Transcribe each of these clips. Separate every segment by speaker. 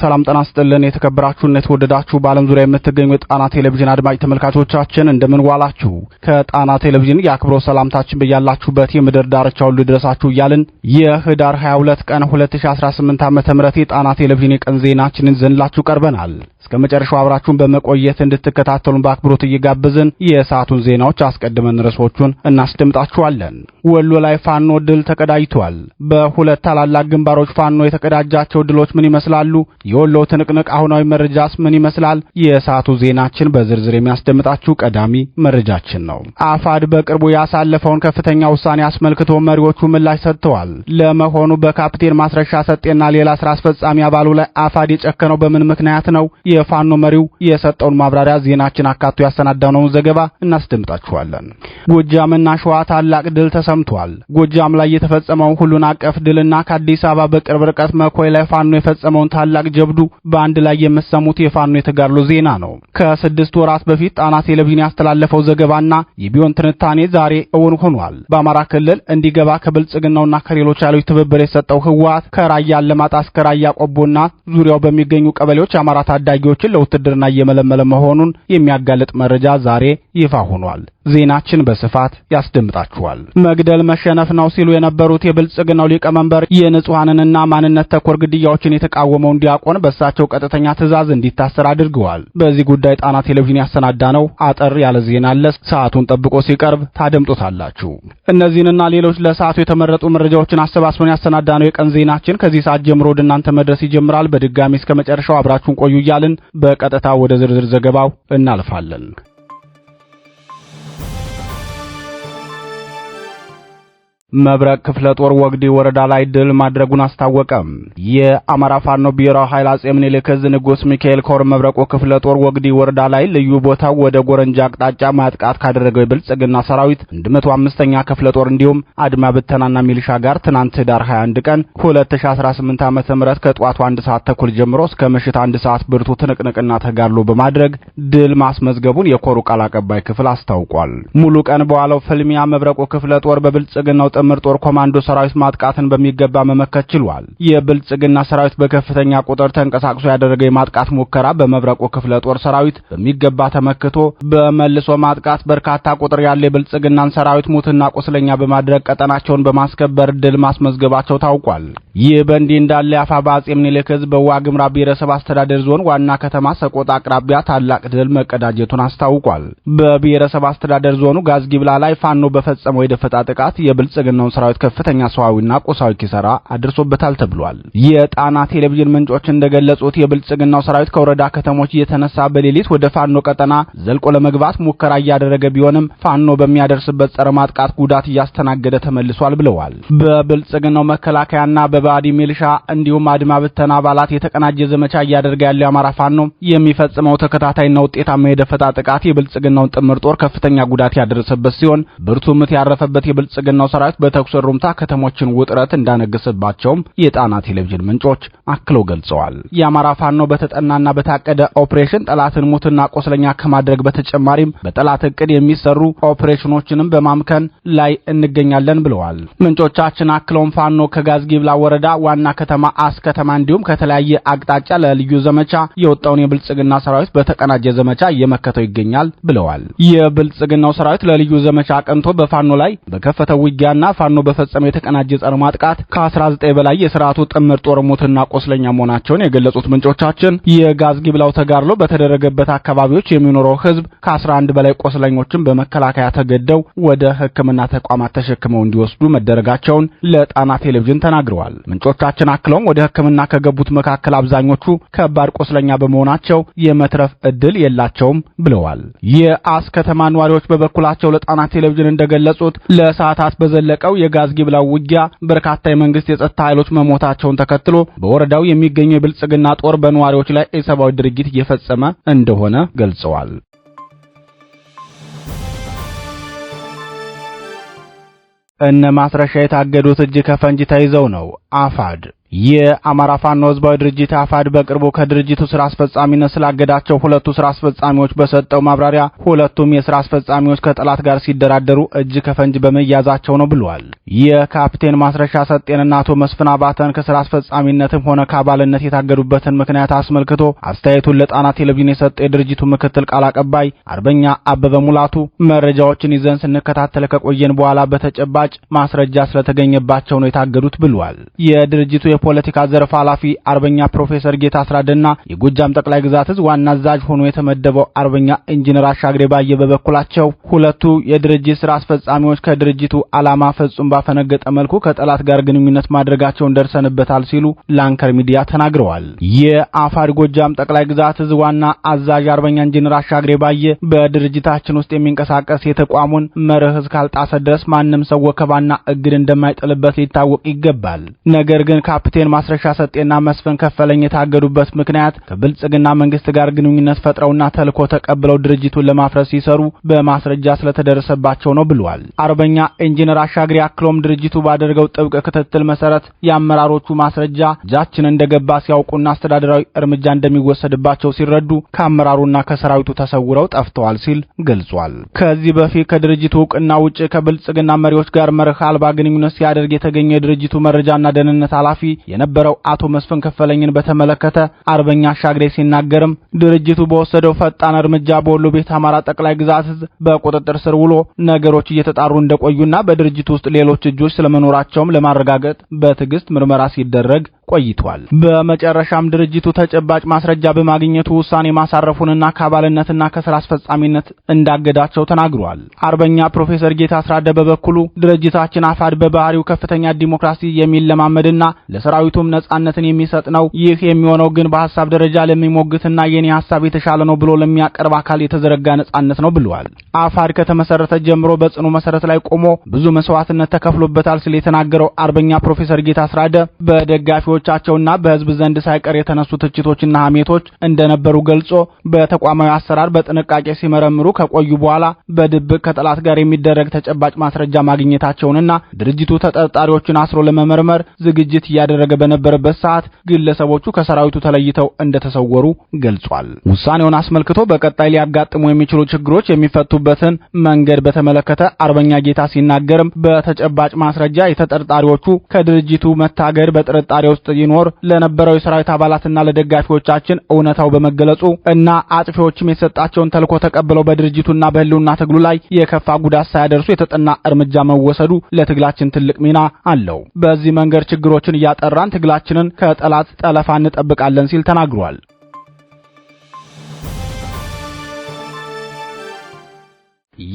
Speaker 1: ሰላም ጠና ይስጥልን። የተከበራችሁና የተወደዳችሁ በዓለም ዙሪያ የምትገኙ የጣና ቴሌቪዥን አድማጭ ተመልካቾቻችን እንደምን ዋላችሁ? ከጣና ቴሌቪዥን የአክብሮት ሰላምታችን በያላችሁበት የምድር ዳርቻ ሁሉ ድረሳችሁ እያልን የህዳር 22 ቀን 2018 ዓ.ም የጣና ቴሌቪዥን የቀን ዜናችንን ዘንላችሁ ቀርበናል። እስከ መጨረሻው አብራችሁን በመቆየት እንድትከታተሉን በአክብሮት እየጋበዝን የሰዓቱን ዜናዎች አስቀድመን ርዕሶቹን እናስደምጣችኋለን። ወሎ ላይ ፋኖ ድል ተቀዳጅቷል። በሁለት ታላላቅ ግንባሮች ፋኖ የተቀዳጃቸው ድሎች ምን ይመስላሉ? የወሎ ትንቅንቅ አሁናዊ መረጃስ ምን ይመስላል? የሰዓቱ ዜናችን በዝርዝር የሚያስደምጣችሁ ቀዳሚ መረጃችን ነው። አፋድ በቅርቡ ያሳለፈውን ከፍተኛ ውሳኔ አስመልክቶ መሪዎቹ ምላሽ ሰጥተዋል። ለመሆኑ በካፕቴን ማስረሻ ሰጤና ሌላ ስራ አስፈጻሚ አባሉ ላይ አፋድ የጨከነው በምን ምክንያት ነው? የፋኖ መሪው የሰጠውን ማብራሪያ ዜናችን አካቶ ያሰናዳነውን ዘገባ እናስደምጣችኋለን። ጎጃምና ሸዋ ታላቅ ድል ተሰምቷል። ጎጃም ላይ የተፈጸመው ሁሉን አቀፍ ድልና ከአዲስ አበባ በቅርብ ርቀት መኮይ ላይ ፋኖ የፈጸመውን ታላቅ ጀብዱ በአንድ ላይ የምትሰሙት የፋኖ የተጋድሎ ዜና ነው። ከስድስት ወራት በፊት ጣና ቴሌቪዥን ያስተላለፈው ዘገባና የቢሆን ትንታኔ ዛሬ እውን ሆኗል። በአማራ ክልል እንዲገባ ከብልጽግናውና ከሌሎች ኃይሎች ትብብር የሰጠው ህወሓት ከራያ አላማጣ እስከ ራያ ቆቦና ዙሪያው በሚገኙ ቀበሌዎች አማራ ታዳ ታዳጊዎችን ለውትድርና እየመለመለ መሆኑን የሚያጋልጥ መረጃ ዛሬ ይፋ ሆኗል። ዜናችን በስፋት ያስደምጣችኋል። መግደል መሸነፍ ነው ሲሉ የነበሩት የብልጽግናው ሊቀመንበር የንጹሐንንና ማንነት ተኮር ግድያዎችን የተቃወመውን ዲያቆን በእሳቸው ቀጥተኛ ትዕዛዝ እንዲታሰር አድርገዋል። በዚህ ጉዳይ ጣና ቴሌቪዥን ያሰናዳ ነው አጠር ያለ ዜና አለ። ሰዓቱን ጠብቆ ሲቀርብ ታደምጡታላችሁ። እነዚህንና ሌሎች ለሰዓቱ የተመረጡ መረጃዎችን አሰባስበን ያሰናዳ ነው የቀን ዜናችን ከዚህ ሰዓት ጀምሮ ወደ እናንተ መድረስ ይጀምራል። በድጋሚ እስከ መጨረሻው አብራችሁን ቆዩ እያለ እያልን በቀጥታ ወደ ዝርዝር ዘገባው እናልፋለን።
Speaker 2: መብረቅ ክፍለ ጦር ወግዲ ወረዳ ላይ ድል ማድረጉን አስታወቀ። የአማራ ፋኖ ብሔራዊ ኃይል አጼ ምኒልክ ዕዝ ሚካኤል ኮር መብረቆ ክፍለ ጦር ወግዲ ወረዳ ላይ ልዩ ቦታ ወደ ጎረንጃ አቅጣጫ ማጥቃት ካደረገው የብልጽግና ሰራዊት 105ኛ ክፍለ ጦር እንዲሁም አድማ ብተናና ሚሊሻ ጋር ትናንት ህዳር 21 ቀን 2018 ዓመተ ምህረት ከጧቱ አንድ ሰዓት ተኩል ጀምሮ እስከ ምሽት አንድ ሰዓት ብርቱ ትንቅንቅና ተጋድሎ በማድረግ ድል ማስመዝገቡን የኮሩ ቃል አቀባይ ክፍል አስታውቋል። ሙሉ ቀን በዋለው ፍልሚያ መብረቆ ክፍለ ጦር በብልጽግናው ጥምር ጦር ኮማንዶ ሰራዊት ማጥቃትን በሚገባ መመከት ችሏል። የብልጽግና ሰራዊት በከፍተኛ ቁጥር ተንቀሳቅሶ ያደረገ የማጥቃት ሙከራ በመብረቁ ክፍለ ጦር ሰራዊት በሚገባ ተመክቶ በመልሶ ማጥቃት በርካታ ቁጥር ያለ የብልጽግናን ሰራዊት ሙትና ቁስለኛ በማድረግ ቀጠናቸውን በማስከበር ድል ማስመዝገባቸው ታውቋል። ይህ በእንዲህ እንዳለ አፋ አጼ ምኒልክ ህዝብ በዋግምራ ብሔረሰብ አስተዳደር ዞን ዋና ከተማ ሰቆጣ አቅራቢያ ታላቅ ድል መቀዳጀቱን አስታውቋል። በብሔረሰብ አስተዳደር ዞኑ ጋዝጊብላ ላይ ፋኖ በፈጸመው የደፈጣ ጥቃት የብልጽግ የብልጽግናውን ሰራዊት ከፍተኛ ሰዋዊና ቁሳዊ ኪሰራ አድርሶበታል ተብሏል። የጣና ቴሌቪዥን ምንጮች እንደገለጹት የብልጽግናው ሰራዊት ከወረዳ ከተሞች እየተነሳ በሌሊት ወደ ፋኖ ቀጠና ዘልቆ ለመግባት ሙከራ እያደረገ ቢሆንም ፋኖ በሚያደርስበት ጸረ ማጥቃት ጉዳት እያስተናገደ ተመልሷል ብለዋል። በብልጽግናው መከላከያና በባዲ ሚልሻ እንዲሁም አድማ ብተና አባላት የተቀናጀ ዘመቻ እያደረገ ያለው የአማራ ፋኖ የሚፈጽመው ተከታታይና ውጤታማ የደፈጣ ጥቃት የብልጽግናውን ጥምር ጦር ከፍተኛ ጉዳት ያደረሰበት ሲሆን ብርቱ ምት ያረፈበት የብልጽግናው ሰራዊት ጥቃት በተኩስ ሩምታ ከተሞችን ውጥረት እንዳነገሰባቸውም የጣና ቴሌቪዥን ምንጮች አክለው ገልጸዋል። የአማራ ፋኖ በተጠናና በታቀደ ኦፕሬሽን ጠላትን ሙትና ቆስለኛ ከማድረግ በተጨማሪም በጠላት እቅድ የሚሰሩ ኦፕሬሽኖችንም በማምከን ላይ እንገኛለን ብለዋል። ምንጮቻችን አክለውም ፋኖ ከጋዝጊብላ ወረዳ ዋና ከተማ አስ ከተማ እንዲሁም ከተለያየ አቅጣጫ ለልዩ ዘመቻ የወጣውን የብልጽግና ሰራዊት በተቀናጀ ዘመቻ እየመከተው ይገኛል ብለዋል። የብልጽግናው ሰራዊት ለልዩ ዘመቻ አቅንቶ በፋኖ ላይ በከፈተው ውጊያና ፋኖ በፈጸመው የተቀናጀ ጸረ ማጥቃት ከ19 በላይ የስርዓቱ ጥምር ጦር ሞትና ቆስለኛ መሆናቸውን የገለጹት ምንጮቻችን የጋዝ ግብላው ተጋድሎ በተደረገበት አካባቢዎች የሚኖረው ህዝብ ከ11 በላይ ቆስለኞችን በመከላከያ ተገደው ወደ ሕክምና ተቋማት ተሸክመው እንዲወስዱ መደረጋቸውን ለጣና ቴሌቪዥን ተናግረዋል። ምንጮቻችን አክለውም ወደ ሕክምና ከገቡት መካከል አብዛኞቹ ከባድ ቆስለኛ በመሆናቸው የመትረፍ እድል የላቸውም ብለዋል። የአስ ከተማ ነዋሪዎች በበኩላቸው ለጣና ቴሌቪዥን እንደገለጹት ለሰዓታት በዘለ በዘለቀው የጋዝ ጊብላ ውጊያ በርካታ የመንግስት የጸጥታ ኃይሎች መሞታቸውን ተከትሎ በወረዳው የሚገኘው የብልጽግና ጦር በነዋሪዎች ላይ ኢሰብአዊ ድርጊት እየፈጸመ እንደሆነ ገልጸዋል።
Speaker 3: እነ ማስረሻ የታገዱት እጅ ከፈንጅ ተይዘው ነው። አፋድ የአማራ ፋኖ ህዝባዊ ድርጅት አፋድ በቅርቡ ከድርጅቱ ስራ አስፈጻሚነት ስላገዳቸው ሁለቱ ስራ አስፈጻሚዎች በሰጠው ማብራሪያ ሁለቱም የስራ አስፈጻሚዎች ከጠላት ጋር ሲደራደሩ እጅ ከፈንጅ በመያዛቸው ነው ብሏል። የካፕቴን ማስረሻ ሰጤንና አቶ መስፍን አባተን ከስራ አስፈጻሚነትም ሆነ ከአባልነት የታገዱበትን ምክንያት አስመልክቶ አስተያየቱን ለጣና ቴሌቪዥን የሰጠ የድርጅቱ ምክትል ቃል አቀባይ አርበኛ አበበ ሙላቱ መረጃዎችን ይዘን ስንከታተል ከቆየን በኋላ በተጨባጭ ማስረጃ ስለተገኘባቸው ነው የታገዱት ብሏል። የድርጅቱ የፖለቲካ ዘርፍ ኃላፊ አርበኛ ፕሮፌሰር ጌታ አስራደና የጎጃም ጠቅላይ ግዛት እዝ ዋና አዛዥ ሆኖ የተመደበው አርበኛ ኢንጂነር አሻግሬ ባየ በበኩላቸው ሁለቱ የድርጅት ስራ አስፈጻሚዎች ከድርጅቱ ዓላማ ፈጹም ባፈነገጠ መልኩ ከጠላት ጋር ግንኙነት ማድረጋቸውን ደርሰንበታል ሲሉ ለአንከር ሚዲያ ተናግረዋል። የአፋድ ጎጃም ጠቅላይ ግዛት እዝ ዋና አዛዥ አርበኛ ኢንጂነር አሻግሬ ባየ በድርጅታችን ውስጥ የሚንቀሳቀስ የተቋሙን መርህ እስካልጣሰ ድረስ ማንም ሰው ወከባና እግድ እንደማይጥልበት ሊታወቅ ይገባል። ነገር ግን ካፒቴን ማስረሻ ሰጤና መስፍን ከፈለኝ የታገዱበት ምክንያት ከብልጽግና መንግስት ጋር ግንኙነት ፈጥረውና ተልኮ ተቀብለው ድርጅቱን ለማፍረስ ሲሰሩ በማስረጃ ስለተደረሰባቸው ነው ብሏል። አርበኛ ኢንጂነር አሻግሪ አክሎም ድርጅቱ ባደረገው ጥብቅ ክትትል መሰረት የአመራሮቹ ማስረጃ እጃችን እንደገባ ሲያውቁና አስተዳደራዊ እርምጃ እንደሚወሰድባቸው ሲረዱ ከአመራሩና ከሰራዊቱ ተሰውረው ጠፍተዋል ሲል ገልጿል። ከዚህ በፊት ከድርጅቱ እውቅና ውጭ ከብልጽግና መሪዎች ጋር መርህ አልባ ግንኙነት ሲያደርግ የተገኘ የድርጅቱ መረጃና ደህንነት ኃላፊ የነበረው አቶ መስፍን ከፈለኝን በተመለከተ አርበኛ ሻግሬ ሲናገርም ድርጅቱ በወሰደው ፈጣን እርምጃ በወሎ ቤት አማራ ጠቅላይ ግዛት በቁጥጥር ስር ውሎ ነገሮች እየተጣሩ እንደቆዩና በድርጅቱ ውስጥ ሌሎች እጆች ስለመኖራቸውም ለማረጋገጥ በትዕግስት ምርመራ ሲደረግ ቆይቷል። በመጨረሻም ድርጅቱ ተጨባጭ ማስረጃ በማግኘቱ ውሳኔ ማሳረፉንና ከአባልነትና ከስራ አስፈጻሚነት እንዳገዳቸው ተናግሯል። አርበኛ ፕሮፌሰር ጌታ አስራደ በበኩሉ ድርጅታችን አፋድ በባህሪው ከፍተኛ ዲሞክራሲ የሚለማመድና ለሰራዊቱም ነጻነትን የሚሰጥ ነው። ይህ የሚሆነው ግን በሀሳብ ደረጃ ለሚሞግትና የኔ ሀሳብ የተሻለ ነው ብሎ ለሚያቀርብ አካል የተዘረጋ ነጻነት ነው ብለዋል። አፋድ ከተመሰረተ ጀምሮ በጽኑ መሰረት ላይ ቆሞ ብዙ መስዋዕትነት ተከፍሎበታል ሲል የተናገረው አርበኛ ፕሮፌሰር ጌታ አስራደ በደጋፊዎቻቸውና በህዝብ ዘንድ ሳይቀር የተነሱ ትችቶችና ሀሜቶች እንደነበሩ ገልጾ በተቋማዊ አሰራር በጥንቃቄ ሲመረምሩ ከቆዩ በኋላ በድብቅ ከጠላት ጋር የሚደረግ ተጨባጭ ማስረጃ ማግኘታቸውንና ድርጅቱ ተጠርጣሪዎችን አስሮ ለመመርመር ዝግጅት እያደረ እየተደረገ በነበረበት ሰዓት ግለሰቦቹ ከሰራዊቱ ተለይተው እንደተሰወሩ ገልጿል። ውሳኔውን አስመልክቶ በቀጣይ ሊያጋጥሙ የሚችሉ ችግሮች የሚፈቱበትን መንገድ በተመለከተ አርበኛ ጌታ ሲናገርም በተጨባጭ ማስረጃ የተጠርጣሪዎቹ ከድርጅቱ መታገድ በጥርጣሬ ውስጥ ይኖር ለነበረው የሰራዊት አባላትና ለደጋፊዎቻችን እውነታው በመገለጹ እና አጥፊዎችም የተሰጣቸውን ተልኮ ተቀብለው በድርጅቱና በህልውና ትግሉ ላይ የከፋ ጉዳት ሳያደርሱ የተጠና እርምጃ መወሰዱ ለትግላችን ትልቅ ሚና አለው። በዚህ መንገድ ችግሮችን እያጠ እየጠራን ትግላችንን ከጠላት ጠለፋ እንጠብቃለን ሲል ተናግሯል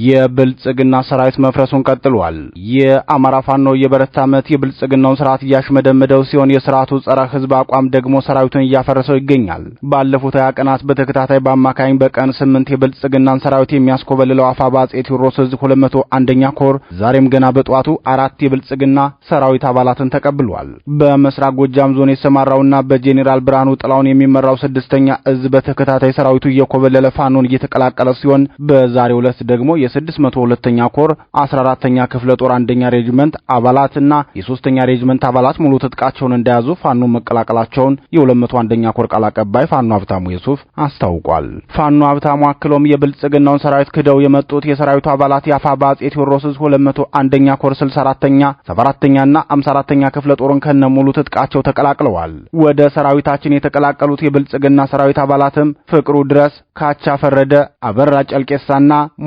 Speaker 4: የብልጽግና ሰራዊት መፍረሱን ቀጥሏል። የአማራ ፋኖ የበረታ ዓመት የብልጽግናውን ስርዓት እያሽመደመደው ሲሆን የስርዓቱ ጸረ ህዝብ አቋም ደግሞ ሰራዊቱን እያፈረሰው ይገኛል። ባለፉት ሀያ ቀናት በተከታታይ በአማካኝ በቀን ስምንት የብልጽግናን ሰራዊት የሚያስኮበልለው አፋ በአጼ ቴዎድሮስ እዝ ሁለት መቶ አንደኛ ኮር ዛሬም ገና በጠዋቱ አራት የብልጽግና ሰራዊት አባላትን ተቀብሏል። በምስራቅ ጎጃም ዞን የተሰማራውና በጄኔራል ብርሃኑ ጥላውን የሚመራው ስድስተኛ እዝ በተከታታይ ሰራዊቱ እየኮበለለ ፋኖን እየተቀላቀለ ሲሆን በዛሬው ዕለት ደግሞ ደግሞ የ602ኛ ኮር 14ኛ ክፍለ ጦር አንደኛ ሬጅመንት አባላትና የሶስተኛ ሬጅመንት አባላት ሙሉ ትጥቃቸውን እንደያዙ ፋኖ መቀላቀላቸውን የ201ኛ ኮር ቃል አቀባይ ፋኖ ሀብታሙ የሱፍ አስታውቋል። ፋኖ ሀብታሙ አክሎም የብልጽግናውን ሰራዊት ክደው የመጡት የሰራዊቱ አባላት የአፋ ባጼ ቴዎድሮስ 201ኛ ኮር 64ኛ፣ 74ኛና 54ኛ ክፍለ ጦርን ከነ ሙሉ ትጥቃቸው ተቀላቅለዋል። ወደ ሰራዊታችን የተቀላቀሉት የብልጽግና ሰራዊት አባላትም ፍቅሩ ድረስ፣ ካቻ ፈረደ፣ አበራ ጨልቄሳና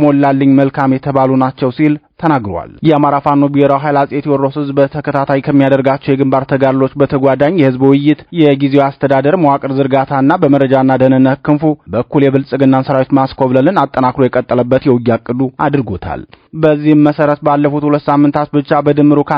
Speaker 4: ሞላ በሰራልኝ መልካም የተባሉ ናቸው ሲል ተናግረዋል። የአማራ ፋኖ ብሔራዊ ኃይል አጼ ቴዎድሮስ ህዝብ በተከታታይ ከሚያደርጋቸው የግንባር ተጋድሎች በተጓዳኝ የህዝብ ውይይት፣ የጊዜው አስተዳደር መዋቅር ዝርጋታና በመረጃና ደህንነት ክንፉ በኩል የብልጽግናን ሰራዊት ማስኮብለልን አጠናክሮ የቀጠለበት የውጊያ ቅዱ አድርጎታል። በዚህም መሰረት ባለፉት ሁለት ሳምንታት ብቻ በድምሩ ከ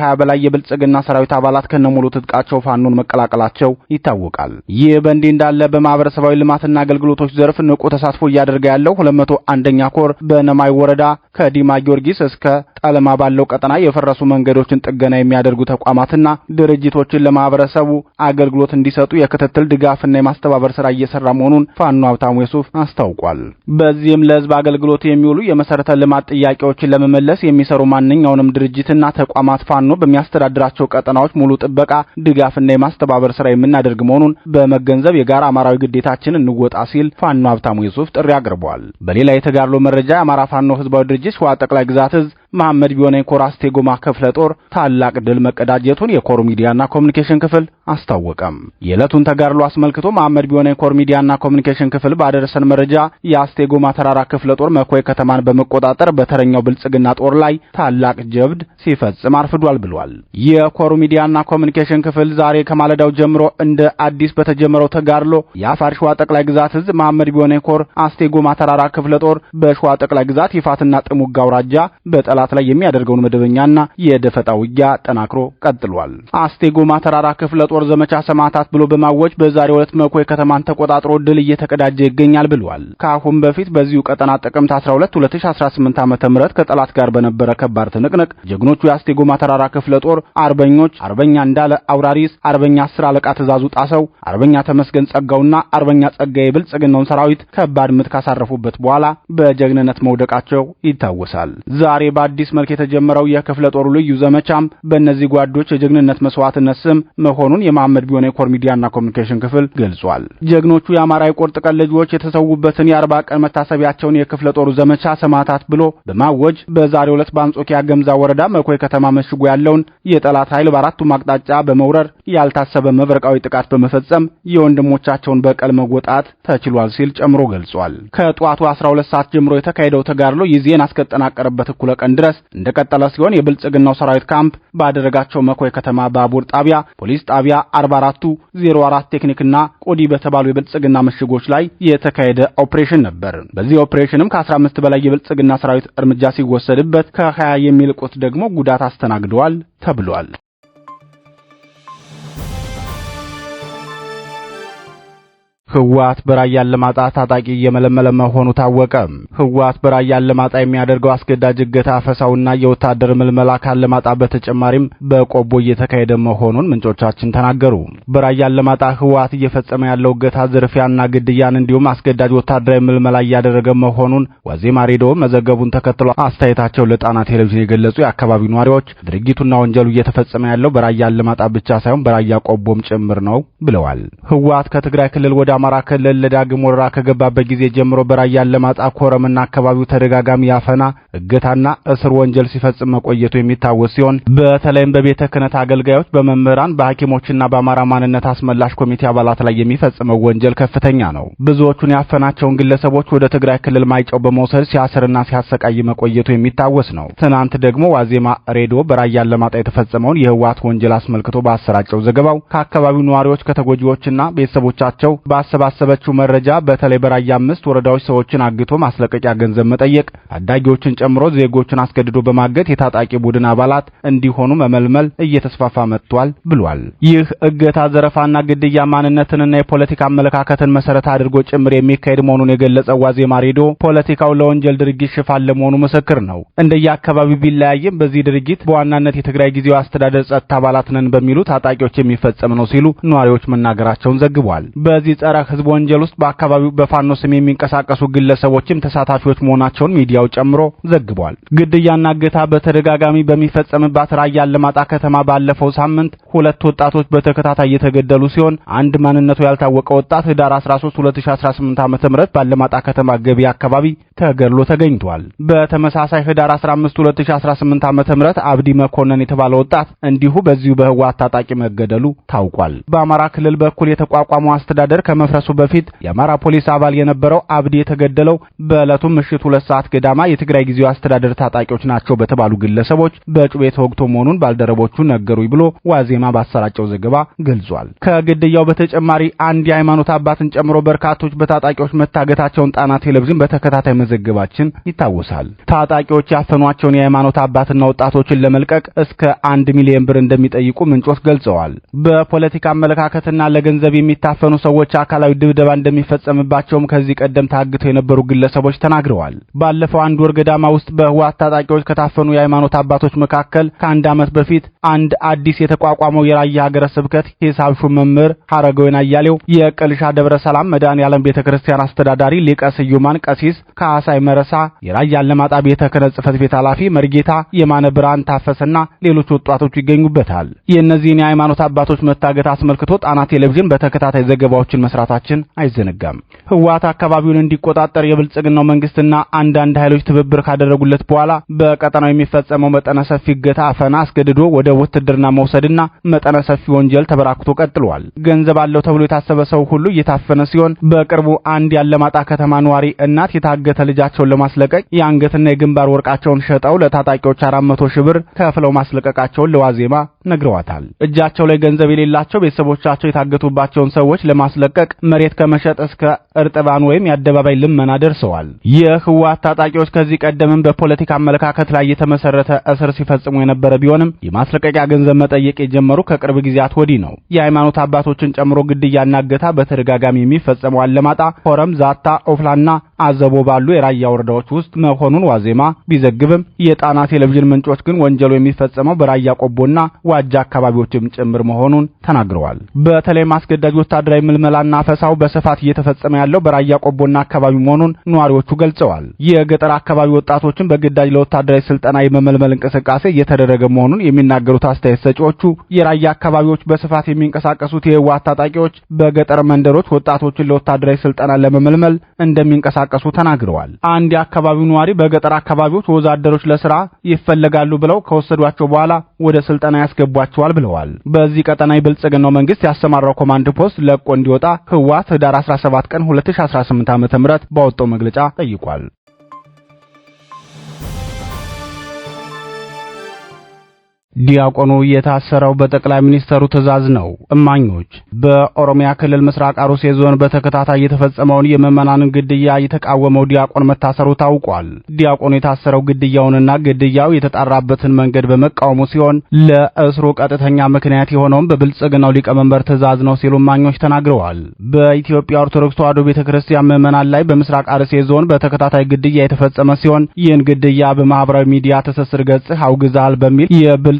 Speaker 4: ሀያ በላይ የብልጽግና ሰራዊት አባላት ከነሙሉ ትጥቃቸው ፋኖን መቀላቀላቸው ይታወቃል። ይህ በእንዲህ እንዳለ በማህበረሰባዊ ልማትና አገልግሎቶች ዘርፍ ንቁ ተሳትፎ እያደረገ ያለው መቶ አንደኛ ኮር በነማይ ወረዳ ከዲማ ጊዮርጊስ እስከ ጠለማ ባለው ቀጠና የፈረሱ መንገዶችን ጥገና የሚያደርጉ ተቋማትና ድርጅቶችን ለማህበረሰቡ አገልግሎት እንዲሰጡ የክትትል ድጋፍና የማስተባበር ስራ እየሰራ መሆኑን ፋኖ ሀብታሙ የሱፍ አስታውቋል። በዚህም ለህዝብ አገልግሎት የሚውሉ የመሰረተ ልማት ጥያቄዎችን ለመመለስ የሚሰሩ ማንኛውንም ድርጅትና ተቋማት ፋኖ በሚያስተዳድራቸው ቀጠናዎች ሙሉ ጥበቃ፣ ድጋፍና የማስተባበር ስራ የምናደርግ መሆኑን በመገንዘብ የጋራ አማራዊ ግዴታችን እንወጣ ሲል ፋኖ ሀብታሙ የሱፍ ጥሪ አቅርቧል። በሌላ የተጋድሎ መረጃ የአማራ ፋኖ ህዝባዊ ድርጅት ሸዋ ጠቅላይ ግዛት matters መሐመድ ቢሆነ የኮር አስቴጎማ ክፍለ ጦር ታላቅ ድል መቀዳጀቱን የኮር ሚዲያና ኮሚኒኬሽን ክፍል አስታወቀም። የዕለቱን ተጋድሎ አስመልክቶ መሐመድ ቢሆነ ኮር ሚዲያና ኮሚኒኬሽን ክፍል ባደረሰን መረጃ የአስቴጎማ ተራራ ክፍለ ጦር መኮይ ከተማን በመቆጣጠር በተረኛው ብልጽግና ጦር ላይ ታላቅ ጀብድ ሲፈጽም አርፍዷል ብሏል። የኮር ሚዲያና ኮሚኒኬሽን ክፍል ዛሬ ከማለዳው ጀምሮ እንደ አዲስ በተጀመረው ተጋድሎ የአፋር ሸዋ ጠቅላይ ግዛት እዝ መሐመድ ቢሆነ ኮር አስቴጎማ ተራራ ክፍለ ጦር በሸዋ ጠቅላይ ግዛት ይፋትና ጥሙጋ አውራጃ በጠላ ጠላት ላይ የሚያደርገውን መደበኛና የደፈጣ ውጊያ ጠናክሮ ቀጥሏል። አስቴጎማ ተራራ ክፍለ ጦር ዘመቻ ሰማዕታት ብሎ በማወጅ በዛሬ ዕለት መኮይ ከተማን ተቆጣጥሮ ድል እየተቀዳጀ ይገኛል ብሏል። ከአሁን በፊት በዚሁ ቀጠና ጥቅምት 12 2018 ዓ.ም ከጠላት ጋር በነበረ ከባድ ትንቅንቅ ጀግኖቹ የአስቴጎማ ተራራ ክፍለ ጦር አርበኞች አርበኛ እንዳለ አውራሪስ፣ አርበኛ አስር አለቃ ትእዛዙ ጣሰው፣ አርበኛ ተመስገን ጸጋውና አርበኛ ጸጋዬ ብልጽግናውን ሰራዊት ከባድ ምት ካሳረፉበት በኋላ በጀግንነት መውደቃቸው ይታወሳል። ዛሬ በአዲስ መልክ የተጀመረው የክፍለ ጦሩ ልዩ ዘመቻም በእነዚህ ጓዶች የጀግንነት መስዋዕትነት ስም መሆኑን የማመድ ቢሆነ የኮር ሚዲያና ኮሚኒኬሽን ክፍል ገልጿል። ጀግኖቹ የአማራ የቁርጥ ቀን ልጆች የተሰዉበትን የአርባ ቀን መታሰቢያቸውን የክፍለ ጦሩ ዘመቻ ሰማዕታት ብሎ በማወጅ በዛሬው ዕለት በአንጾኪያ ገምዛ ወረዳ መኮይ ከተማ መሽጎ ያለውን የጠላት ኃይል በአራቱም አቅጣጫ በመውረር ያልታሰበ መብረቃዊ ጥቃት በመፈጸም የወንድሞቻቸውን በቀል መወጣት ተችሏል ሲል ጨምሮ ገልጿል። ከጠዋቱ 12 ሰዓት ጀምሮ የተካሄደው ተጋድሎ ይዜን ዜና እስከተጠናቀረበት እኩለ ቀን ድረስ እንደቀጠለ ሲሆን የብልጽግናው ሰራዊት ካምፕ ባደረጋቸው መኮይ ከተማ ባቡር ጣቢያ፣ ፖሊስ ጣቢያ፣ 44ቱ 04 ቴክኒክና ቆዲ በተባሉ የብልጽግና ምሽጎች ላይ የተካሄደ ኦፕሬሽን ነበር። በዚህ ኦፕሬሽንም ከ15 በላይ የብልጽግና ሰራዊት እርምጃ ሲወሰድበት ከ20 የሚልቁት ደግሞ ጉዳት አስተናግደዋል ተብሏል።
Speaker 5: ህወሓት በራያ አላማጣ ታጣቂ እየመለመለ መሆኑ ታወቀ። ህወሓት በራያ አላማጣ የሚያደርገው አስገዳጅ እገታ፣ አፈሳውና የወታደር ምልመላ ካላማጣ በተጨማሪም በቆቦ እየተካሄደ መሆኑን ምንጮቻችን ተናገሩ። በራያ አላማጣ ህወሓት እየፈጸመ ያለው እገታ፣ ዝርፊያና ግድያን እንዲሁም አስገዳጅ ወታደራዊ ምልመላ እያደረገ መሆኑን ዋዜማ ሬዲዮ መዘገቡን ተከትሎ አስተያየታቸው ለጣና ቴሌቪዥን የገለጹ የአካባቢው ነዋሪዎች ድርጊቱና ወንጀሉ እየተፈጸመ ያለው በራያ አላማጣ ብቻ ሳይሆን በራያ ቆቦም ጭምር ነው ብለዋል። ህወሓት ከትግራይ ክልል ወደ በአማራ ክልል ለዳግም ወረራ ከገባበት ጊዜ ጀምሮ በራያ ዓላማጣ፣ ኮረምና አካባቢው ተደጋጋሚ ያፈና፣ እገታና እስር ወንጀል ሲፈጽም መቆየቱ የሚታወስ ሲሆን በተለይም በቤተ ክህነት አገልጋዮች፣ በመምህራን፣ በሐኪሞችና በአማራ ማንነት አስመላሽ ኮሚቴ አባላት ላይ የሚፈጽመው ወንጀል ከፍተኛ ነው። ብዙዎቹን ያፈናቸውን ግለሰቦች ወደ ትግራይ ክልል ማይጨው በመውሰድ ሲያስርና ሲያሰቃይ መቆየቱ የሚታወስ ነው። ትናንት ደግሞ ዋዜማ ሬዲዮ በራያ ዓላማጣ የተፈጸመውን የህወሓት ወንጀል አስመልክቶ ባሰራጨው ዘገባው ከአካባቢው ነዋሪዎች ከተጎጂዎችና ቤተሰቦቻቸው ባሰባሰበችው መረጃ በተለይ በራያ አምስት ወረዳዎች ሰዎችን አግቶ ማስለቀቂያ ገንዘብ መጠየቅ፣ ታዳጊዎችን ጨምሮ ዜጎችን አስገድዶ በማገት የታጣቂ ቡድን አባላት እንዲሆኑ መመልመል እየተስፋፋ መጥቷል ብሏል። ይህ እገታ፣ ዘረፋና ግድያ ማንነትንና የፖለቲካ አመለካከትን መሰረት አድርጎ ጭምር የሚካሄድ መሆኑን የገለጸው ዋዜማ ሬዲዮ ፖለቲካው ለወንጀል ድርጊት ሽፋን ለመሆኑ ምስክር ነው። እንደየአካባቢው ቢለያይም በዚህ ድርጊት በዋናነት የትግራይ ጊዜያዊ አስተዳደር ጸጥታ አባላት ነን በሚሉ ታጣቂዎች የሚፈጸም ነው ሲሉ ነዋሪዎች መናገራቸውን ዘግቧል። በዚህ ጸረ በአማራ ህዝብ ወንጀል ውስጥ በአካባቢው በፋኖ ስም የሚንቀሳቀሱ ግለሰቦችም ተሳታፊዎች መሆናቸውን ሚዲያው ጨምሮ ዘግቧል። ግድያና እገታ በተደጋጋሚ በሚፈጸምባት ራያ አላማጣ ከተማ ባለፈው ሳምንት ሁለት ወጣቶች በተከታታይ የተገደሉ ሲሆን አንድ ማንነቱ ያልታወቀ ወጣት ህዳር 13 2018 ዓ.ም ባለማጣ ከተማ ገቢ አካባቢ ተገድሎ ተገኝቷል። በተመሳሳይ ህዳር 15 2018 ዓ.ም አብዲ መኮንን የተባለ ወጣት እንዲሁ በዚሁ በህወሓት ታጣቂ መገደሉ ታውቋል። በአማራ ክልል በኩል የተቋቋመው አስተዳደር ከመ ከመፍረሱ በፊት የአማራ ፖሊስ አባል የነበረው አብዲ የተገደለው በዕለቱም ምሽት ሁለት ሰዓት ገዳማ የትግራይ ጊዜያዊ አስተዳደር ታጣቂዎች ናቸው በተባሉ ግለሰቦች በጩቤ ተወግቶ መሆኑን ባልደረቦቹ ነገሩኝ ብሎ ዋዜማ ባሰራጨው ዘገባ ገልጿል። ከግድያው በተጨማሪ አንድ የሃይማኖት አባትን ጨምሮ በርካቶች በታጣቂዎች መታገታቸውን ጣና ቴሌቪዥን በተከታታይ መዘገባችን ይታወሳል። ታጣቂዎች ያፈኗቸውን የሃይማኖት አባትና ወጣቶችን ለመልቀቅ እስከ አንድ ሚሊዮን ብር እንደሚጠይቁ ምንጮች ገልጸዋል። በፖለቲካ አመለካከትና ለገንዘብ የሚታፈኑ ሰዎች አካል አካላዊ ድብደባ እንደሚፈጸምባቸውም ከዚህ ቀደም ታግተው የነበሩ ግለሰቦች ተናግረዋል። ባለፈው አንድ ወር ገዳማ ውስጥ በህወሓት ታጣቂዎች ከታፈኑ የሃይማኖት አባቶች መካከል ከአንድ ዓመት በፊት አንድ አዲስ የተቋቋመው የራያ ሀገረ ስብከት ሂሳብ ሹም መምህር ሐረገወይን አያሌው፣ የቅልሻ ደብረ ሰላም መድኃኔ ዓለም ቤተ ክርስቲያን አስተዳዳሪ ሊቀ ስዩማን ቀሲስ ከአሳይ መረሳ፣ የራያ አለማጣ ቤተ ክህነት ጽሕፈት ቤት ኃላፊ መርጌታ የማነ ብርሃን ታፈሰና ሌሎች ወጣቶች ይገኙበታል። የእነዚህን የሃይማኖት አባቶች መታገት አስመልክቶ ጣና ቴሌቪዥን በተከታታይ ዘገባዎችን መስራት መስራታችን አይዘነጋም። ህወሓት አካባቢውን እንዲቆጣጠር የብልጽግናው መንግስትና አንዳንድ ኃይሎች ትብብር ካደረጉለት በኋላ በቀጠናው የሚፈጸመው መጠነ ሰፊ እገታ፣ አፈና፣ አስገድዶ ወደ ውትድርና መውሰድና መጠነ ሰፊ ወንጀል ተበራክቶ ቀጥሏል። ገንዘብ አለው ተብሎ የታሰበ ሰው ሁሉ እየታፈነ ሲሆን በቅርቡ አንድ ያለማጣ ከተማ ነዋሪ እናት የታገተ ልጃቸውን ለማስለቀቅ የአንገትና የግንባር ወርቃቸውን ሸጠው ለታጣቂዎች 400 ሺህ ብር ከፍለው ማስለቀቃቸውን ለዋዜማ ነግረዋታል። እጃቸው ላይ ገንዘብ የሌላቸው ቤተሰቦቻቸው የታገቱባቸውን ሰዎች ለማስለቀቅ በመንጠቅ መሬት ከመሸጥ እስከ እርጥባን ወይም የአደባባይ ልመና ደርሰዋል። የህወሓት ታጣቂዎች ከዚህ ቀደምም በፖለቲካ አመለካከት ላይ የተመሰረተ እስር ሲፈጽሙ የነበረ ቢሆንም የማስለቀቂያ ገንዘብ መጠየቅ የጀመሩ ከቅርብ ጊዜያት ወዲህ ነው። የሃይማኖት አባቶችን ጨምሮ ግድያና እገታ በተደጋጋሚ የሚፈጸመው አለማጣ፣ ኮረም፣ ዛታ፣ ኦፍላና አዘቦ ባሉ የራያ ወረዳዎች ውስጥ መሆኑን ዋዜማ ቢዘግብም የጣና ቴሌቪዥን ምንጮች ግን ወንጀሉ የሚፈጸመው በራያ ቆቦና ዋጃ አካባቢዎችም ጭምር መሆኑን ተናግረዋል። በተለይም አስገዳጅ ወታደራዊ ምልመላና አፈሳው በስፋት እየተፈጸመ ያለው በራያ ቆቦና አካባቢ መሆኑን ነዋሪዎቹ ገልጸዋል። የገጠር አካባቢ ወጣቶችን በግዳጅ ለወታደራዊ ስልጠና የመመልመል እንቅስቃሴ እየተደረገ መሆኑን የሚናገሩት አስተያየት ሰጪዎቹ የራያ አካባቢዎች በስፋት የሚንቀሳቀሱት የህወሓት ታጣቂዎች በገጠር መንደሮች ወጣቶችን ለወታደራዊ ስልጠና ለመመልመል እንደሚንቀሳቀሱ ተናግረዋል። አንድ የአካባቢው ነዋሪ በገጠር አካባቢዎች ወዛደሮች ለስራ ይፈለጋሉ ብለው ከወሰዷቸው በኋላ ወደ ስልጠና ያስገቧቸዋል ብለዋል። በዚህ ቀጠና የብልጽግናው መንግስት ያሰማራው ኮማንድ ፖስት ለቆ እንዲወጣ ህወሓት ህዳር 17 ቀን 2018 ዓ.ም ባወጣው መግለጫ ጠይቋል።
Speaker 6: ዲያቆኑ የታሰረው በጠቅላይ ሚኒስተሩ ትዕዛዝ ነው። እማኞች በኦሮሚያ ክልል ምስራቅ አሩሴ ዞን በተከታታይ የተፈጸመውን የምዕመናንን ግድያ የተቃወመው ዲያቆን መታሰሩ ታውቋል። ዲያቆኑ የታሰረው ግድያውንና ግድያው የተጣራበትን መንገድ በመቃወሙ ሲሆን ለእስሩ ቀጥተኛ ምክንያት የሆነውም በብልጽግናው ሊቀመንበር ትዕዛዝ ነው ሲሉ እማኞች ተናግረዋል። በኢትዮጵያ ኦርቶዶክስ ተዋሕዶ ቤተክርስቲያን ምዕመናን ላይ በምስራቅ አርሴ ዞን በተከታታይ ግድያ የተፈጸመ ሲሆን ይህን ግድያ በማህበራዊ ሚዲያ ትስስር ገጽ አውግዛል በሚል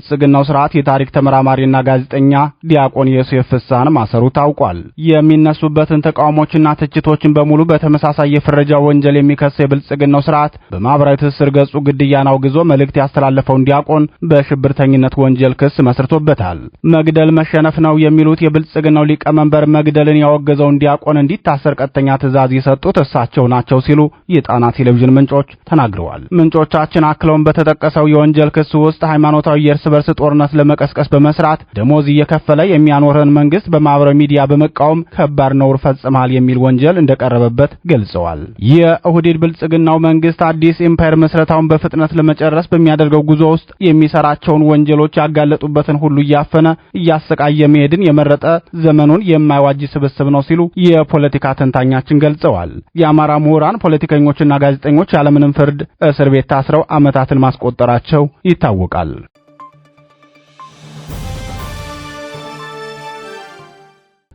Speaker 6: የብልጽግናው ስርዓት የታሪክ ተመራማሪና ጋዜጠኛ ዲያቆን ዮሴፍ ፍሳን ማሰሩ ታውቋል። የሚነሱበትን ተቃውሞችና ትችቶችን በሙሉ በተመሳሳይ የፍረጃ ወንጀል የሚከሰው የብልጽግናው ስርዓት በማኅበራዊ ትስስር ገጹ ግድያን አውግዞ መልእክት ያስተላለፈውን ዲያቆን በሽብርተኝነት ወንጀል ክስ መስርቶበታል። መግደል መሸነፍ ነው የሚሉት የብልጽግናው ሊቀመንበር መግደልን ያወገዘውን ዲያቆን እንዲታሰር ቀጥተኛ ትዕዛዝ የሰጡት እሳቸው ናቸው ሲሉ የጣና ቴሌቪዥን ምንጮች ተናግረዋል። ምንጮቻችን አክለውን በተጠቀሰው የወንጀል ክስ ውስጥ ሃይማኖታዊ የእርስ በርስ ጦርነት ለመቀስቀስ በመስራት ደሞዝ እየከፈለ የሚያኖረን መንግስት በማህበራዊ ሚዲያ በመቃወም ከባድ ነውር ፈጽማል የሚል ወንጀል እንደቀረበበት ገልጸዋል። የኦህዴድ ብልጽግናው መንግስት አዲስ ኢምፓየር መስረታውን በፍጥነት ለመጨረስ በሚያደርገው ጉዞ ውስጥ የሚሰራቸውን ወንጀሎች ያጋለጡበትን ሁሉ እያፈነ እያሰቃየ መሄድን የመረጠ ዘመኑን የማይዋጅ ስብስብ ነው ሲሉ የፖለቲካ ተንታኛችን ገልጸዋል። የአማራ ምሁራን ፖለቲከኞችና ጋዜጠኞች ያለምንም ፍርድ እስር ቤት ታስረው ዓመታትን ማስቆጠራቸው ይታወቃል።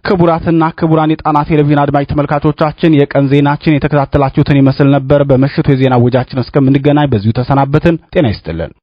Speaker 7: ክቡራትና ክቡራን የጣና ቴሌቪዥን አድማጭ ተመልካቾቻችን የቀን ዜናችን የተከታተላችሁትን ይመስል ነበር። በምሽቱ የዜና ወጃችን እስከምንገናኝ በዚሁ ተሰናበትን። ጤና ይስጥልን።